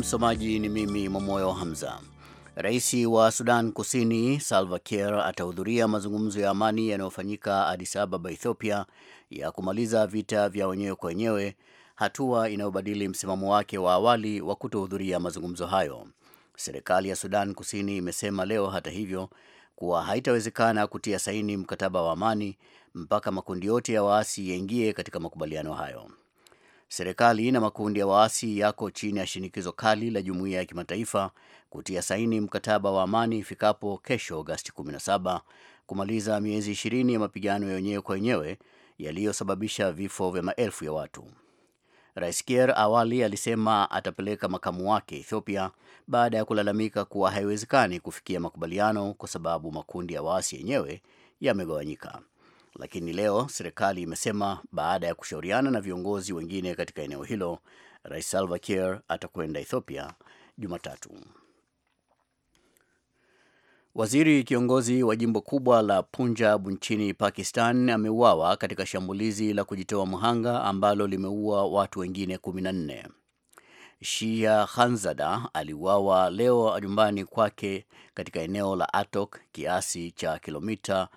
Msomaji ni mimi Momoyo Hamza. Rais wa Sudan Kusini Salva Kiir atahudhuria mazungumzo ya amani yanayofanyika Addis Ababa, Ethiopia, ya kumaliza vita vya wenyewe kwa wenyewe, hatua inayobadili msimamo wake wa awali wa kutohudhuria mazungumzo hayo. Serikali ya Sudan Kusini imesema leo, hata hivyo, kuwa haitawezekana kutia saini mkataba wa amani mpaka makundi yote ya waasi yaingie katika makubaliano hayo. Serikali na makundi ya waasi yako chini ya shinikizo kali la jumuiya ya kimataifa kutia saini mkataba wa amani ifikapo kesho Agosti 17 kumaliza miezi 20 ya mapigano ya wenyewe kwa wenyewe yaliyosababisha vifo vya maelfu ya watu. Rais Kiir awali alisema atapeleka makamu wake Ethiopia baada ya kulalamika kuwa haiwezekani kufikia makubaliano kwa sababu makundi ya waasi yenyewe yamegawanyika lakini leo serikali imesema baada ya kushauriana na viongozi wengine katika eneo hilo, Rais Salva Kiir atakwenda Ethiopia Jumatatu. Waziri kiongozi wa jimbo kubwa la Punjab nchini Pakistan ameuawa katika shambulizi la kujitoa mhanga ambalo limeua watu wengine 14. Shia Khanzada aliuawa leo nyumbani kwake katika eneo la Atok, kiasi cha kilomita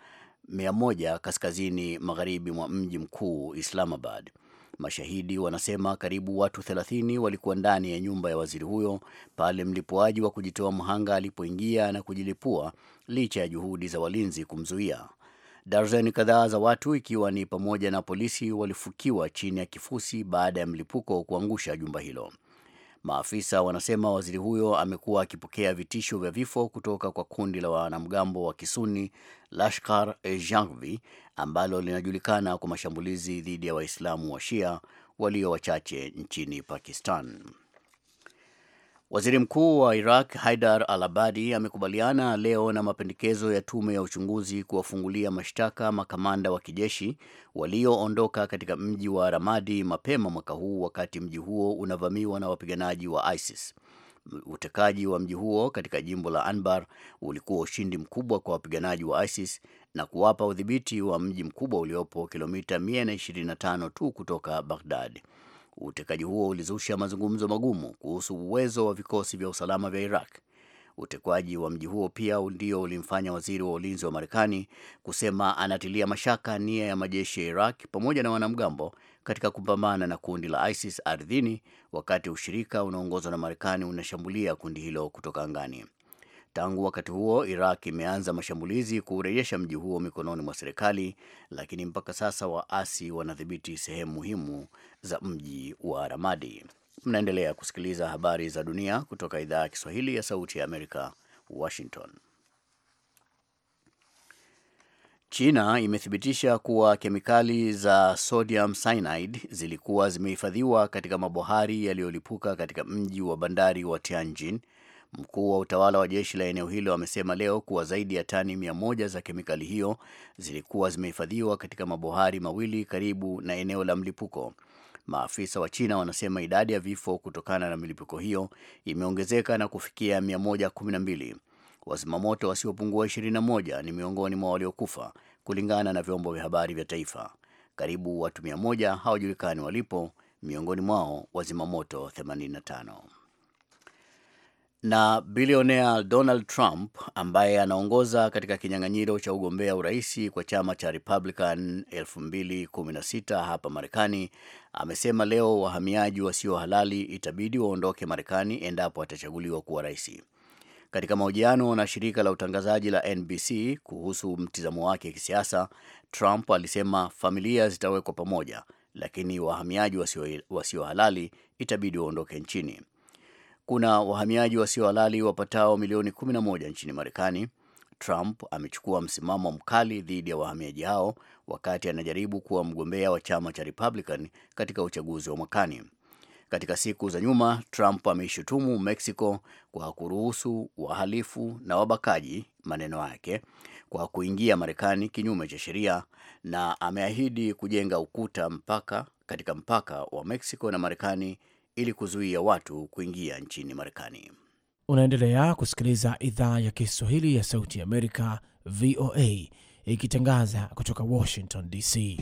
100 kaskazini magharibi mwa mji mkuu Islamabad. Mashahidi wanasema karibu watu 30 walikuwa ndani ya nyumba ya waziri huyo pale mlipuaji wa kujitoa mhanga alipoingia na kujilipua licha ya juhudi za walinzi kumzuia. Darzeni kadhaa za watu ikiwa ni pamoja na polisi walifukiwa chini ya kifusi baada ya mlipuko kuangusha jumba hilo. Maafisa wanasema waziri huyo amekuwa akipokea vitisho vya vifo kutoka kwa kundi la wanamgambo wa Kisuni Lashkar e Jangvi ambalo linajulikana kwa mashambulizi dhidi ya Waislamu wa Shia walio wachache nchini Pakistan. Waziri Mkuu wa Iraq Haidar al-Abadi amekubaliana leo na mapendekezo ya tume ya uchunguzi kuwafungulia mashtaka makamanda wa kijeshi walioondoka katika mji wa Ramadi mapema mwaka huu wakati mji huo unavamiwa na wapiganaji wa ISIS. Utekaji wa mji huo katika jimbo la Anbar ulikuwa ushindi mkubwa kwa wapiganaji wa ISIS na kuwapa udhibiti wa mji mkubwa uliopo kilomita 125 tu kutoka Baghdad. Utekaji huo ulizusha mazungumzo magumu kuhusu uwezo wa vikosi vya usalama vya Iraq. Utekwaji wa mji huo pia ndio ulimfanya waziri wa ulinzi wa Marekani kusema anatilia mashaka nia ya majeshi ya Iraq pamoja na wanamgambo katika kupambana na kundi la ISIS ardhini, wakati ushirika unaoongozwa na Marekani unashambulia kundi hilo kutoka angani. Tangu wakati huo Iraq imeanza mashambulizi kuurejesha mji huo mikononi mwa serikali, lakini mpaka sasa waasi wanadhibiti sehemu muhimu za mji wa Ramadi. Mnaendelea kusikiliza habari za dunia kutoka idhaa ya Kiswahili ya Sauti ya Amerika, Washington. China imethibitisha kuwa kemikali za sodium cyanide zilikuwa zimehifadhiwa katika mabohari yaliyolipuka katika mji wa bandari wa Tianjin Mkuu wa utawala wa jeshi la eneo hilo amesema leo kuwa zaidi ya tani mia moja za kemikali hiyo zilikuwa zimehifadhiwa katika mabohari mawili karibu na eneo la mlipuko. Maafisa wa China wanasema idadi ya vifo kutokana na milipuko hiyo imeongezeka na kufikia 112. Wazimamoto wasiopungua 21 ni miongoni mwa waliokufa kulingana na vyombo vya habari vya taifa. Karibu watu 100 hawajulikani walipo, miongoni mwao wazimamoto 85 na bilionea Donald Trump ambaye anaongoza katika kinyang'anyiro cha ugombea uraisi kwa chama cha Republican 2016 hapa Marekani amesema leo wahamiaji wasio halali itabidi waondoke Marekani endapo atachaguliwa kuwa raisi. Katika mahojiano na shirika la utangazaji la NBC kuhusu mtizamo wake kisiasa, Trump alisema familia zitawekwa pamoja, lakini wahamiaji wasio, wasio halali itabidi waondoke nchini kuna wahamiaji wasio halali wapatao milioni 11 nchini Marekani. Trump amechukua msimamo mkali dhidi ya wahamiaji hao wakati anajaribu kuwa mgombea wa chama cha Republican katika uchaguzi wa mwakani. Katika siku za nyuma, Trump ameishutumu Mexico kwa kuruhusu wahalifu na wabakaji, maneno yake, kwa kuingia Marekani kinyume cha sheria, na ameahidi kujenga ukuta mpaka katika mpaka wa Mexico na Marekani ili kuzuia watu kuingia nchini Marekani. Unaendelea kusikiliza idhaa ya Kiswahili ya Sauti ya Amerika, VOA, ikitangaza kutoka Washington DC.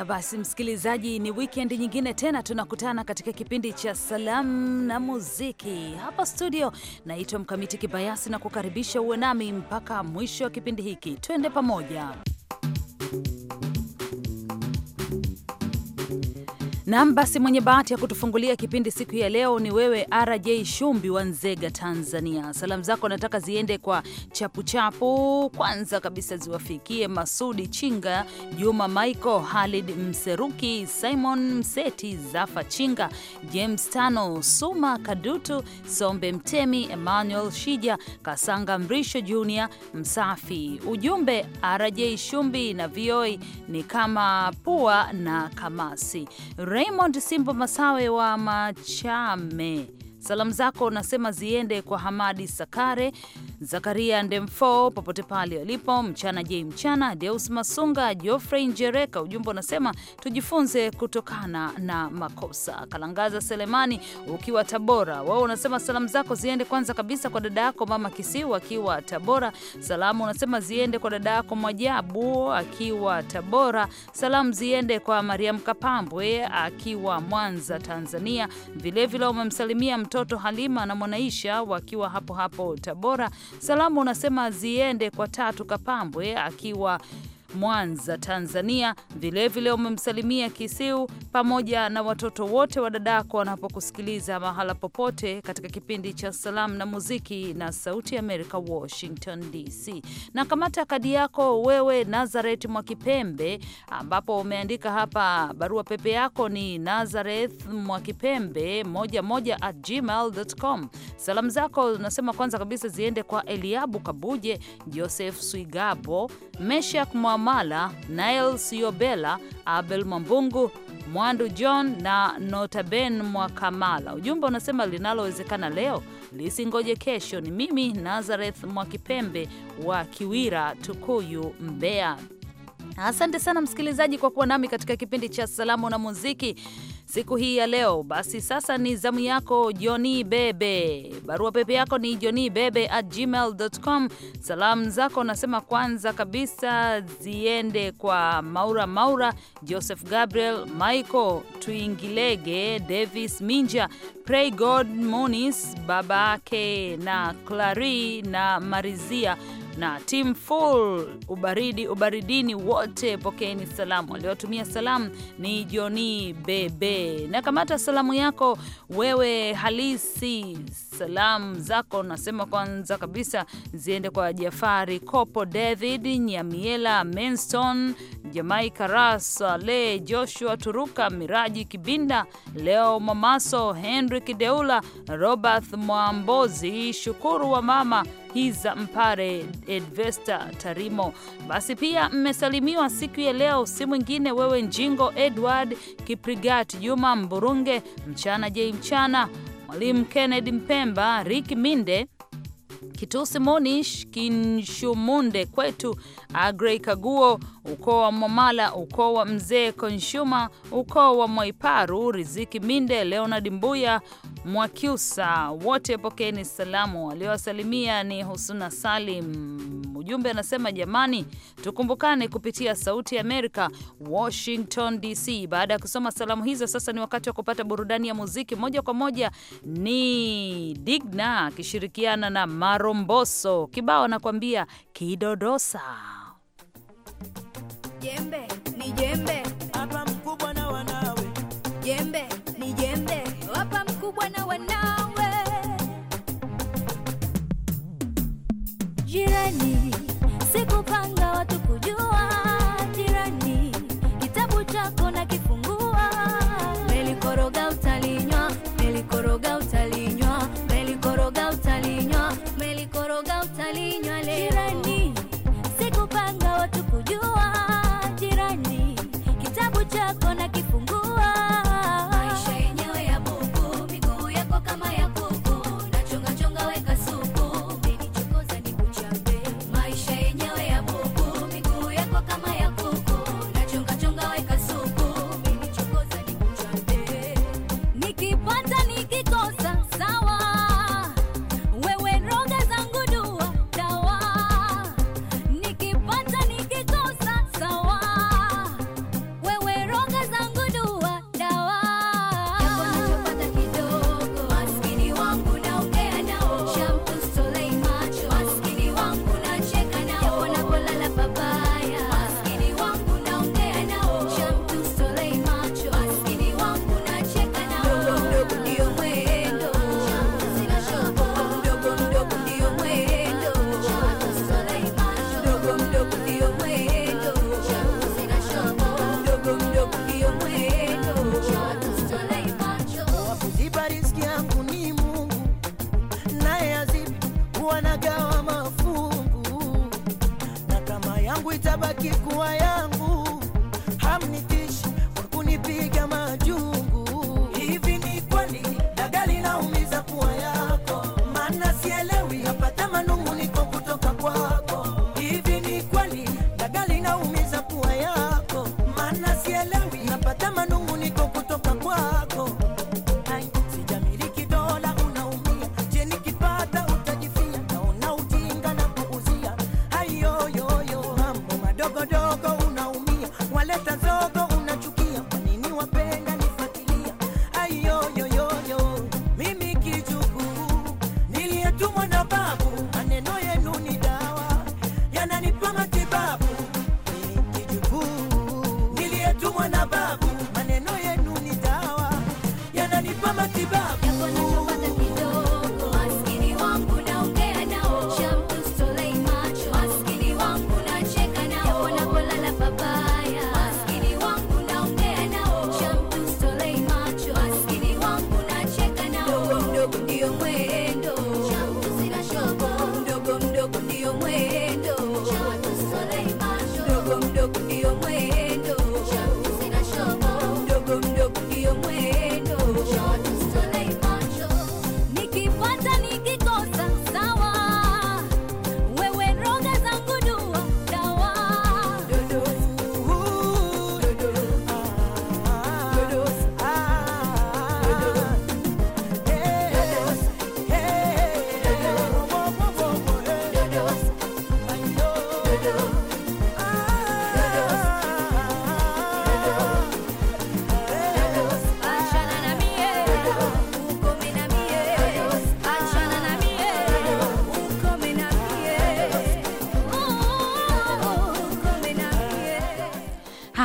Haya basi, msikilizaji, ni wikendi nyingine tena tunakutana katika kipindi cha salamu na muziki hapa studio. Naitwa Mkamiti Kibayasi na kukaribisha uwe nami mpaka mwisho wa kipindi hiki, twende pamoja. Nam, basi mwenye bahati ya kutufungulia kipindi siku ya leo ni wewe RJ Shumbi wa Nzega, Tanzania. Salamu zako nataka ziende kwa chapuchapu chapu. Kwanza kabisa ziwafikie Masudi Chinga, Juma Michael, Halid Mseruki, Simon Mseti, Zafa Chinga, James Tano, Suma Kadutu, Sombe Mtemi, Emmanuel Shija, Kasanga Mrisho Junior, Msafi. Ujumbe RJ Shumbi na VOA ni kama pua na kamasi Re Raymond Simbo Masawe wa Machame Salamu zako unasema ziende kwa Hamadi Sakare, Zakaria Ndemfo popote pale walipo, mchana jei mchana, Deus Masunga, Geoffrey Njereka. Ujumbe unasema tujifunze kutokana na makosa. Kalangaza Selemani ukiwa Tabora, wao unasema salamu zako ziende kwanza kabisa kwa dada yako mama Kisiu akiwa Tabora. Salamu unasema ziende kwa dada yako Mwajabu akiwa Tabora. Salamu ziende kwa Mariam Kapambwe akiwa Mwanza, Tanzania. Vilevile umemsalimia mtoto Halima na Mwanaisha wakiwa hapo hapo Tabora. Salamu unasema ziende kwa Tatu Kapambwe akiwa Mwanza, Tanzania. Vilevile umemsalimia Kisiu pamoja na watoto wote wa dadako wanapokusikiliza mahala popote katika kipindi cha salamu na muziki na Sauti Amerika, Washington DC. Na kamata kadi yako wewe Nazareth Mwakipembe, ambapo umeandika hapa barua pepe yako ni Nazareth Mwakipembe moja moja at gmail.com. Salamu zako nasema kwanza kabisa ziende kwa Eliabu Kabuje, Joseph Swigabo, Meshak Mwa mala Nael Siobela, Abel Mambungu, Mwandu John na Notaben Mwakamala. Ujumbe unasema linalowezekana leo lisingoje kesho. Ni mimi Nazareth Mwakipembe wa Kiwira, Tukuyu, Mbeya. Asante sana msikilizaji kwa kuwa nami katika kipindi cha salamu na muziki siku hii ya leo. Basi sasa ni zamu yako Joni Bebe. Barua pepe yako ni Joni Bebe at gmail.com. Salamu zako nasema kwanza kabisa ziende kwa Maura Maura, Joseph Gabriel, Michael Tuingilege, Davis Minja, Pray God Monis, baba na Clari na Marizia na Team Full ubaridi ubaridini wote, pokeeni salamu. Aliotumia salamu ni Joni Bebe na kamata salamu yako wewe halisi. Salamu zako nasema kwanza kabisa ziende kwa Jafari Kopo, David Nyamiela, Menston Jamaika, Rasa Le, Joshua Turuka, Miraji Kibinda, Leo Mamaso, Henry Deula, Robert Mwambozi, Shukuru wa mama Hiza Mpare, Edvesta Tarimo. Basi pia mmesalimiwa siku ya leo, si mwingine wewe Njingo Edward Kiprigat, Juma Mburunge, Mchana J Mchana, Mwalimu Kennedy Mpemba, riki Minde Kitusi Monish Kinshumunde kwetu Agrey Kaguo ukoo wa Mwamala, ukoo wa mzee Konshuma, ukoo wa Mwaiparu, Riziki Minde, Leonard Mbuya, Mwakyusa, wote pokeni salamu. Waliowasalimia ni Husuna Salim. Ujumbe anasema jamani, tukumbukane kupitia Sauti ya Amerika, Washington DC. Baada ya kusoma salamu hizo, sasa ni wakati wa kupata burudani ya muziki moja kwa moja. Ni Digna akishirikiana na Maromboso, kibao anakuambia kidodosa. Yembe, ni Yembe.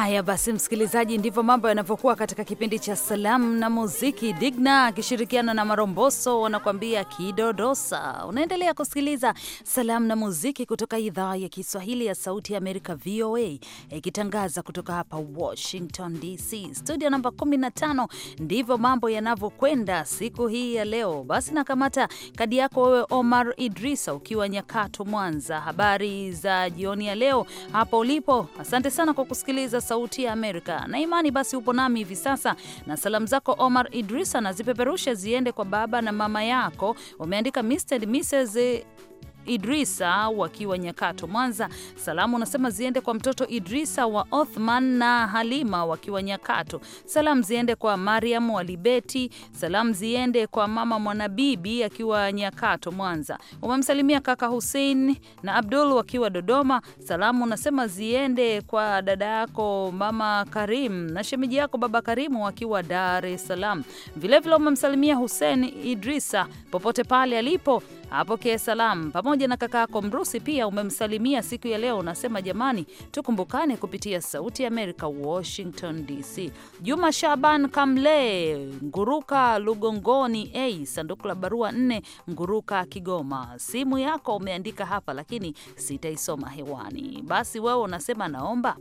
Haya basi, msikilizaji, ndivyo mambo yanavyokuwa katika kipindi cha salamu na muziki. Digna akishirikiana na Maromboso wanakuambia kidodosa. Unaendelea kusikiliza salamu na muziki kutoka idhaa ya Kiswahili ya Sauti ya Amerika, VOA, ikitangaza kutoka hapa Washington DC, studio namba 15. Ndivyo mambo yanavyokwenda siku hii ya leo. Basi nakamata kadi yako wewe, Omar Idrisa, ukiwa Nyakato, Mwanza. Habari za jioni ya leo hapo ulipo? Asante sana kwa kusikiliza Sauti ya Amerika. Na imani basi upo nami hivi sasa, na salamu zako Omar Idrisa na zipeperushe ziende kwa baba na mama yako. Wameandika Mr. and Mrs. Idrisa wakiwa Nyakato, Mwanza. Salamu unasema ziende kwa mtoto Idrisa wa Othman na Halima wakiwa Nyakato. Salamu ziende kwa Mariam Walibeti. Salamu ziende kwa mama Mwanabibi akiwa Nyakato, Mwanza. Umemsalimia kaka Hussein na Abdul wakiwa Dodoma. Salamu unasema ziende kwa dada yako mama Karim na shemeji yako baba Karimu wakiwa Dar es Salaam. Vilevile umemsalimia Hussein Idrisa popote pale alipo Apokee salamu pamoja na kaka yako Mrusi, pia umemsalimia siku ya leo. Unasema jamani, tukumbukane kupitia Sauti ya Amerika, Washington DC. Juma Shaban Kamle Nguruka Lugongoni a sanduku la barua nne Nguruka Kigoma. Simu yako umeandika hapa, lakini sitaisoma hewani. Basi wewe unasema naomba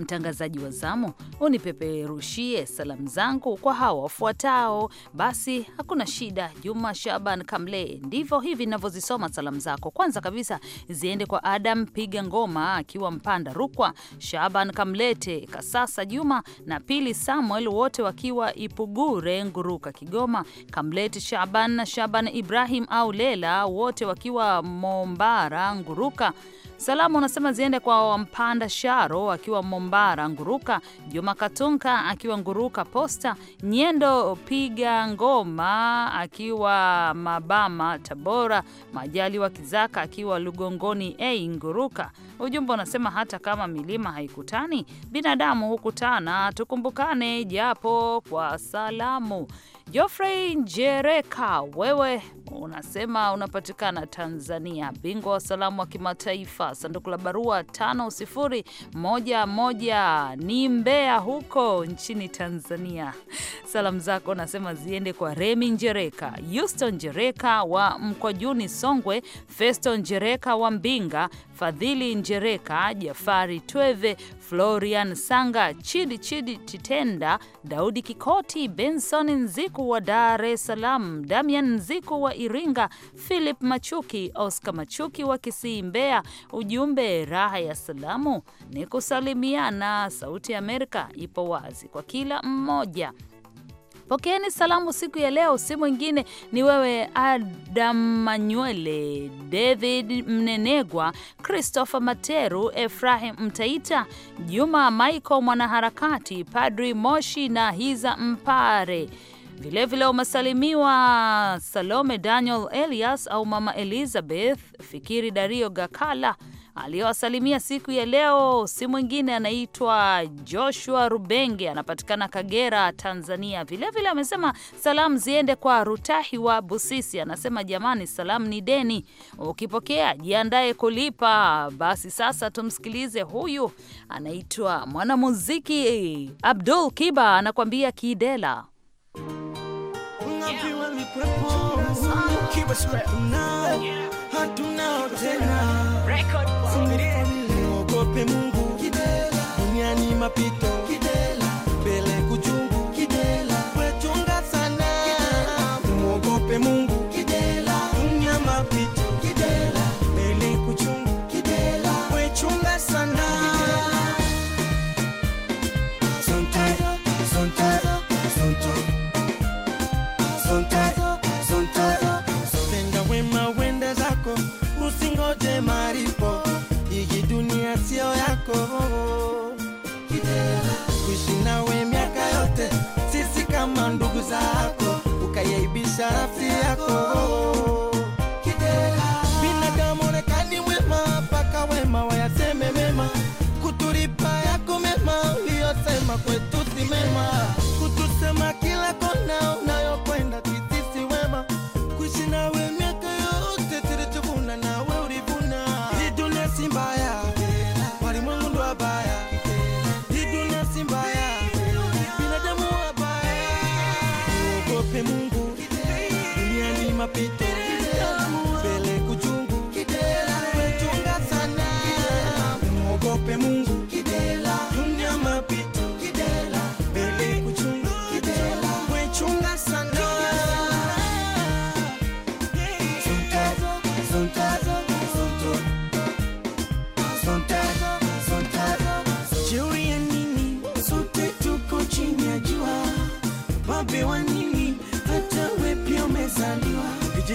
mtangazaji wa zamu, unipeperushie salamu zangu kwa hawa wafuatao. Basi hakuna shida, Juma Shaban Kamle, ndivyo hivi navyozisoma salamu zako. Kwanza kabisa ziende kwa Adam Piga Ngoma akiwa Mpanda Rukwa, Shaban Kamlete Kasasa Juma na Pili Samuel, wote wakiwa Ipugure Nguruka Kigoma, Kamlete Shaban na Shaban Ibrahim au Lela, wote wakiwa Mombara Nguruka. Salamu unasema ziende kwa Wampanda Sharo akiwa Mombara Mambara Nguruka, Juma Katunka akiwa Nguruka Posta, Nyendo Piga Ngoma akiwa Mabama Tabora, Majali wa Kizaka akiwa Lugongoni A Nguruka. Ujumbe unasema hata kama milima haikutani, binadamu hukutana, tukumbukane japo kwa salamu. Geoffrey Njereka, wewe unasema unapatikana Tanzania, bingwa wa salamu wa kimataifa, sanduku la barua tano moja moja ni Mbeya huko nchini Tanzania. Salamu zako unasema ziende kwa Remi Njereka, Houston Njereka wa Mkwajuni Songwe, Festo Njereka wa Mbinga, Fadhili Njereka, Jafari Tweve, Florian Sanga, Chidi Chidi Titenda, Daudi Kikoti, Benson Nziku wa Dar es Salaam, Damian Nziku wa Iringa, Philip Machuki, Oscar Machuki wa Kisii, Mbeya. Ujumbe, raha ya salamu ni kusalimiana. Sauti ya Amerika ipo wazi kwa kila mmoja. Pokeeni salamu siku ya leo, si mwingine ni wewe Adam Manywele, David Mnenegwa, Christopher Materu, Efrahim Mtaita, Juma Michael mwanaharakati, Padri Moshi na Hiza Mpare. Vilevile umesalimiwa Salome Daniel Elias au Mama Elizabeth Fikiri Dario Gakala aliyowasalimia siku ya leo si mwingine anaitwa Joshua Rubenge, anapatikana Kagera, Tanzania. Vilevile amesema salamu ziende kwa Rutahi wa Busisi, anasema jamani, salamu ni deni, ukipokea jiandaye kulipa. Basi sasa tumsikilize huyu, anaitwa mwanamuziki Abdul Kiba, anakuambia Kidela yeah nipe Mungu duniani mapito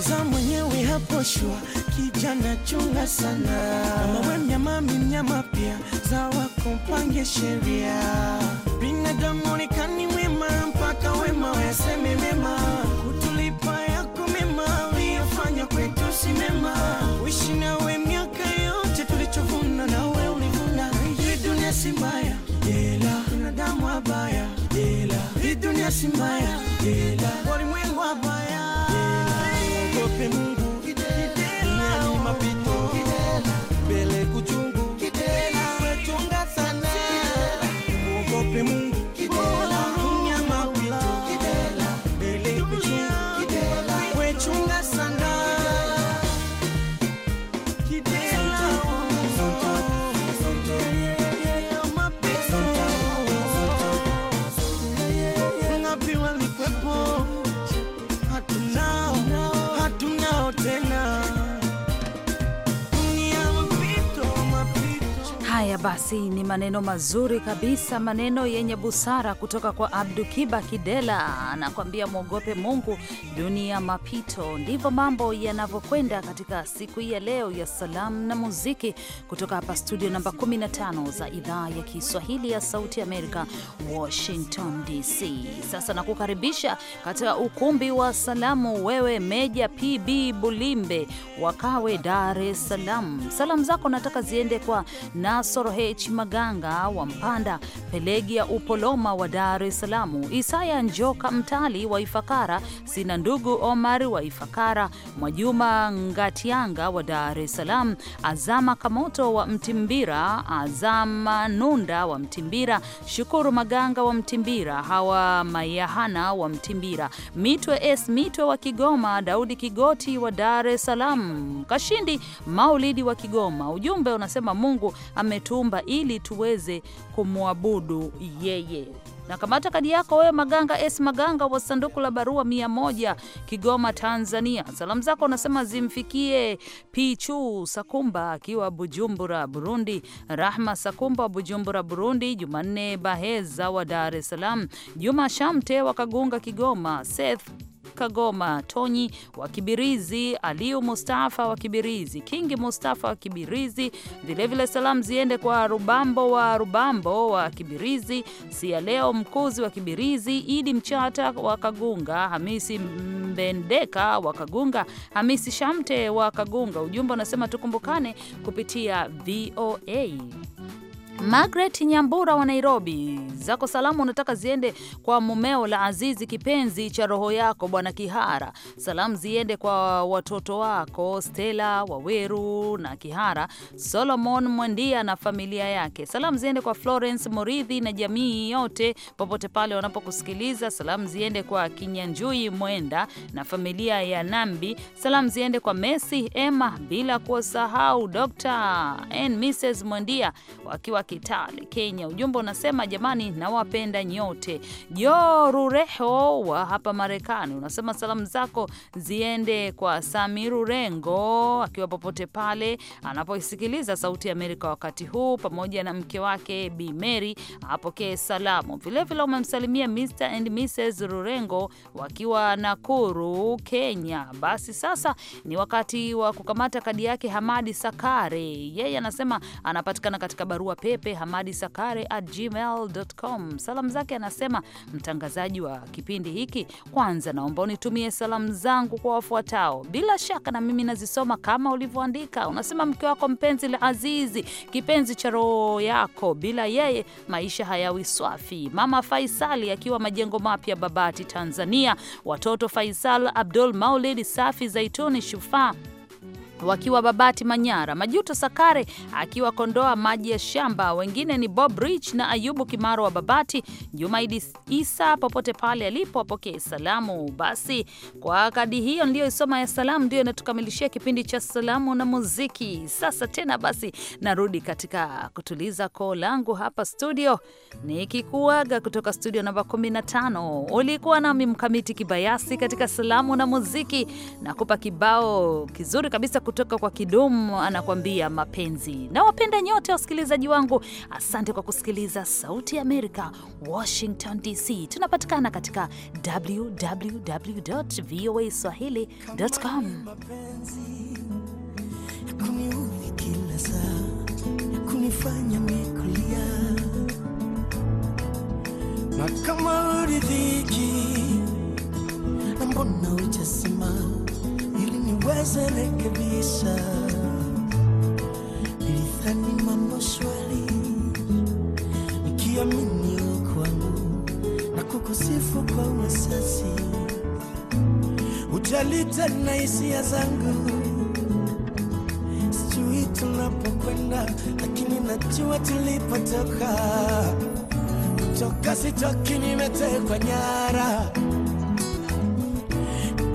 Cheza mwenyewe hapo shua, kijana chunga sana. Kama we mnyama, mi mnyama pia, zawa kompange sheria. Binadamu nikani wema, mpaka wema wayaseme mema. Kutulipa yako mema, uliyofanya kwetu si mema. Uishi nawe miaka yote, tulichovuna nawe ulivuna. Hii dunia si mbaya, jela binadamu wabaya, jela hii dunia si mbaya, jela walimwengu wabaya nipe Mungu, niani mapito mbele kuchunga Basi ni maneno mazuri kabisa, maneno yenye busara kutoka kwa Abdu Kiba Kidela, anakuambia mwogope Mungu, dunia mapito. Ndivyo mambo yanavyokwenda katika siku hii ya leo ya salamu na muziki, kutoka hapa studio namba 15 za idhaa ya Kiswahili ya Sauti Amerika, Washington DC. Sasa nakukaribisha katika ukumbi wa salamu, wewe Meja PB Bulimbe wakawe Dar es Salaam. Salamu zako nataka ziende kwa Nasoro H Maganga wa Mpanda, Pelegia Upoloma wa Dar es Salaam, Isaya Njoka Mtali wa Ifakara, Sina Ndugu Omar wa Ifakara, Mwajuma Ngatianga wa Dar es Salaam, Azama Kamoto wa Mtimbira, Azama Nunda wa Mtimbira, Shukuru Maganga wa Mtimbira, Hawa Mayahana wa Mtimbira, Mitwe S Mitwe wa Kigoma, Daudi Kigoti wa Dar es Salaam, Kashindi Maulidi wa Kigoma. Ujumbe unasema Mungu ametuma kuomba ili tuweze kumwabudu yeye. Na kamata kadi yako wewe, Maganga S Maganga wa sanduku la barua mia moja, Kigoma, Tanzania. Salamu zako unasema zimfikie Pichu Sakumba akiwa Bujumbura, Burundi, Rahma Sakumba wa Bujumbura, Burundi, Jumanne Baheza wa Dar es Salaam, Juma Shamte wa Kagunga, Kigoma, Seth Kagoma, Tonyi wa Kibirizi, Aliu Mustafa wa Kibirizi, Kingi Mustafa wa Kibirizi. Vilevile salamu ziende kwa Rubambo wa Rubambo wa Kibirizi, leo Mkuzi wa Kibirizi, Idi Mchata wa Kagunga, Hamisi Mbendeka wa Kagunga, Hamisi Shamte wa Kagunga. Ujumbe unasema tukumbukane kupitia VOA. Margaret Nyambura wa Nairobi, zako salamu unataka ziende kwa mumeo la Azizi, kipenzi cha roho yako Bwana Kihara. Salamu ziende kwa watoto wako Stella Waweru na Kihara, Solomon Mwandia na familia yake. Salamu ziende kwa Florence Moridhi na jamii yote popote pale wanapokusikiliza. Salamu ziende kwa Kinyanjui Mwenda na familia ya Nambi. Salamu ziende kwa Messi Emma, bila kusahau Dr. and Mrs. Mwandia wakiwa Kitale, Kenya. Ujumbe unasema jamani, nawapenda nyote. Jo Rureho wa hapa Marekani unasema salamu zako ziende kwa Samiru Rengo akiwa popote pale anapoisikiliza Sauti ya Amerika wakati huu, pamoja na mke wake Bi Mary apokee salamu vilevile. Umemsalimia Mr and Mrs Rurengo wakiwa Nakuru, Kenya. Basi sasa ni wakati wa kukamata kadi yake Hamadi Sakare. Yeye anasema anapatikana katika barua pepe Jepe hamadi sakare at gmail.com. Salamu zake anasema, mtangazaji wa kipindi hiki, kwanza naomba unitumie salamu zangu kwa wafuatao. Bila shaka na mimi nazisoma kama ulivyoandika. Unasema mke wako mpenzi la azizi, kipenzi cha roho yako, bila yeye maisha hayawi swafi. Mama Faisali akiwa majengo mapya Babati, Tanzania. Watoto Faisal, Abdul Maulid, Safi, Zaituni, Shufaa wakiwa Babati Manyara, Majuto Sakare akiwa Kondoa maji ya shamba, wengine ni Bob Rich na Ayubu Kimaro wa Babati, Jumaidi Isa popote pale alipo apokee salamu. Basi kwa kadi hiyo ndiyo isoma ya salamu ndiyo inatukamilishia kipindi cha salamu na muziki. Sasa tena basi narudi katika kutuliza koo langu hapa studio nikikuaga kutoka studio namba 15. Ulikuwa nami Mkamiti Kibayasi katika salamu na muziki, nakupa kibao kizuri kabisa kutoka kwa Kidum anakuambia mapenzi. Nawapenda nyote wasikilizaji wangu, asante kwa kusikiliza Sauti ya Amerika, Washington DC. Tunapatikana katika www voa swahili.com. Na kama uridhiki, mbona uweze rekebisha. Nilidhani mambo shwari, nikiamini kwangu na kukusifu kwa uasasi. Ujali na hisia zangu, sijui tunapokwenda, lakini najua tulipotoka. Kutoka sitoki, nimetekwa nyara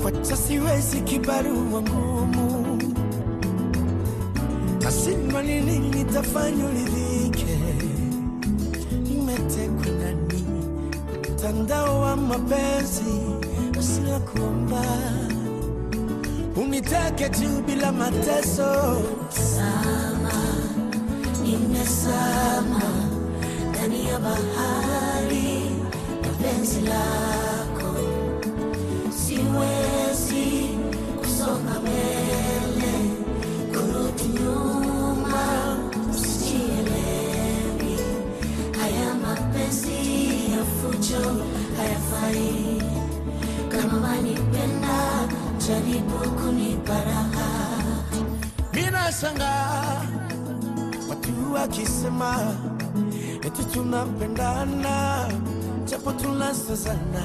Wacha siwezi kibarua ngumu, nasindwa ni nini tafanya uridhike. Nimetekwa ndani mtandao wa mapenzi usiokuomba, unitake tu bila mateso. Sama, nimesama ndani ya bahari mapenzi la Minashangaa watu wakisema eti tunapendana japo tunasazana,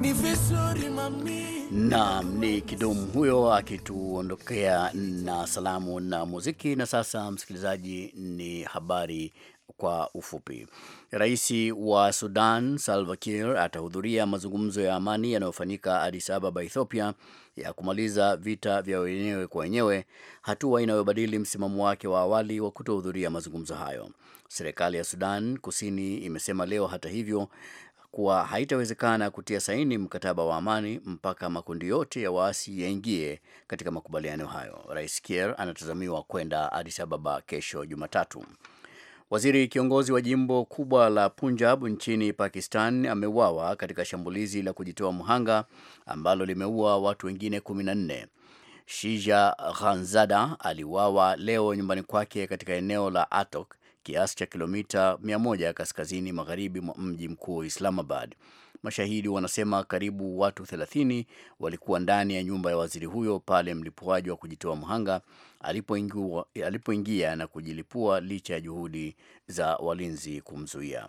ni vizuri mami Naam, ni Kidum huyo akituondokea na salamu na muziki. Na sasa, msikilizaji, ni habari kwa ufupi. Rais wa Sudan Salva Kiir atahudhuria mazungumzo ya amani yanayofanyika Addis Ababa, Ethiopia, ya kumaliza vita vya wenyewe kwa wenyewe, hatua inayobadili msimamo wake wa awali wa kutohudhuria mazungumzo hayo. Serikali ya Sudan Kusini imesema leo, hata hivyo, kuwa haitawezekana kutia saini mkataba wa amani mpaka makundi yote ya waasi yaingie katika makubaliano hayo. Rais Kiir anatazamiwa kwenda Addis Ababa kesho Jumatatu. Waziri kiongozi wa jimbo kubwa la Punjab nchini Pakistan ameuawa katika shambulizi la kujitoa mhanga ambalo limeua watu wengine 14. Shija Ghanzada aliuawa leo nyumbani kwake katika eneo la Atok kiasi cha kilomita 100 kaskazini magharibi mwa mji mkuu wa Islamabad. Mashahidi wanasema karibu watu 30 walikuwa ndani ya nyumba ya waziri huyo pale mlipuaji wa kujitoa mhanga alipoingia alipoingia na kujilipua licha ya juhudi za walinzi kumzuia.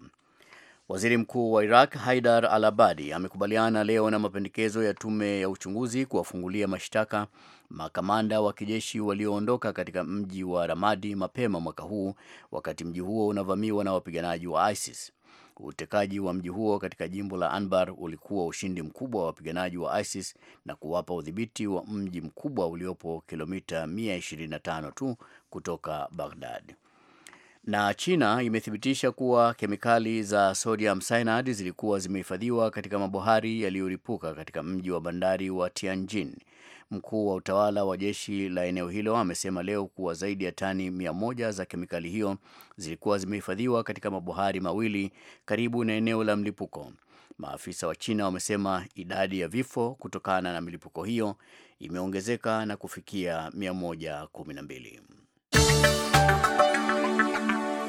Waziri Mkuu wa Iraq Haidar al-Abadi amekubaliana leo na mapendekezo ya tume ya uchunguzi kuwafungulia mashtaka makamanda wa kijeshi walioondoka katika mji wa Ramadi mapema mwaka huu, wakati mji huo unavamiwa na wapiganaji wa ISIS. Utekaji wa mji huo katika jimbo la Anbar ulikuwa ushindi mkubwa wa wapiganaji wa ISIS na kuwapa udhibiti wa mji mkubwa uliopo kilomita 125 tu kutoka Baghdad na China imethibitisha kuwa kemikali za sodium cyanide zilikuwa zimehifadhiwa katika mabohari yaliyoripuka katika mji wa bandari wa Tianjin. Mkuu wa utawala wa jeshi la eneo hilo amesema leo kuwa zaidi ya tani mia moja za kemikali hiyo zilikuwa zimehifadhiwa katika mabohari mawili karibu na eneo la mlipuko. Maafisa wa China wamesema idadi ya vifo kutokana na milipuko hiyo imeongezeka na kufikia na mbili